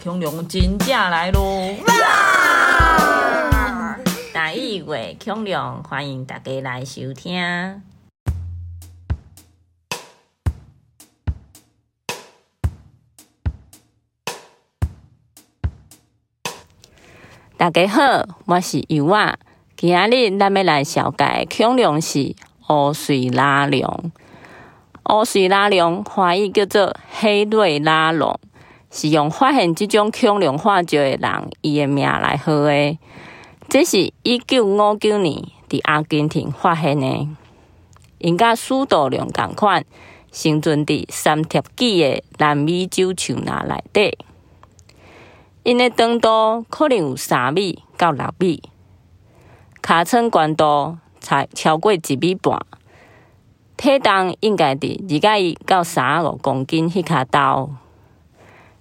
恐龍真正來咯！第哇一位恐龍，歡迎大家來收聽。大家好，我是油啊，今日咱要來紹介的恐龍是烏瑞拉龍，烏瑞拉龍，華語叫做黑瑞拉龍。是用發現這種恐龍化石的人伊的名來號的。這是一九五九年佇阿根廷發現的，因佮始盜龍仝款，生存佇三疊紀的南美洲樹林內底。因的長度可能有三米到六米，尻川懸度才超過一米半，體重應該佇二百一到三百五公斤之間。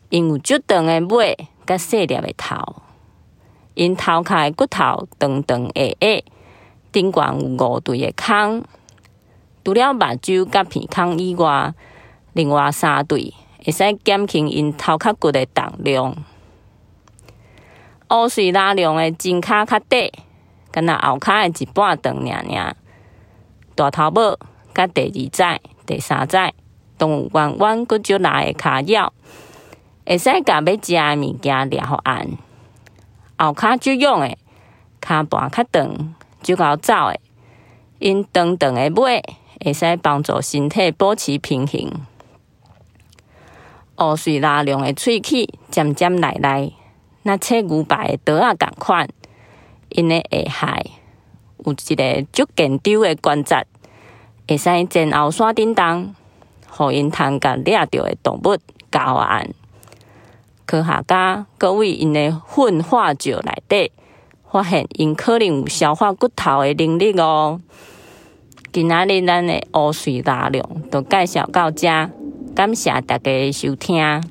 因有足長的尾，甲細粒的頭；因頭殼的骨頭長長窄窄，頂懸有五對的孔。除了目睭甲鼻孔以外，另外三對會使減輕因頭殼骨的重量。烏瑞拉龍的前腳較短，干焦後腳的一半長而已而已。長長大頭拇，甲第二指、第三指，有彎彎閣足利誒跤爪。會使共欲食的物件掠予絚。後跤足勇誒，跤盤較長，足 gâu 走誒。In 長長誒尾會使幫助身體保持平衡。黑瑞拉龍誒喙齒尖尖利利，那切牛排的刀仔仝款。In 的下頦有一個足健丟誒關節，會使前後徙振動，予 in 通共掠着誒動物咬絚。科學家閣對，因的糞化石內底發現，因可能有消化骨頭的能力哦。今仔日咱的黑瑞拉龍，就介紹到遮，感謝大家的收聽。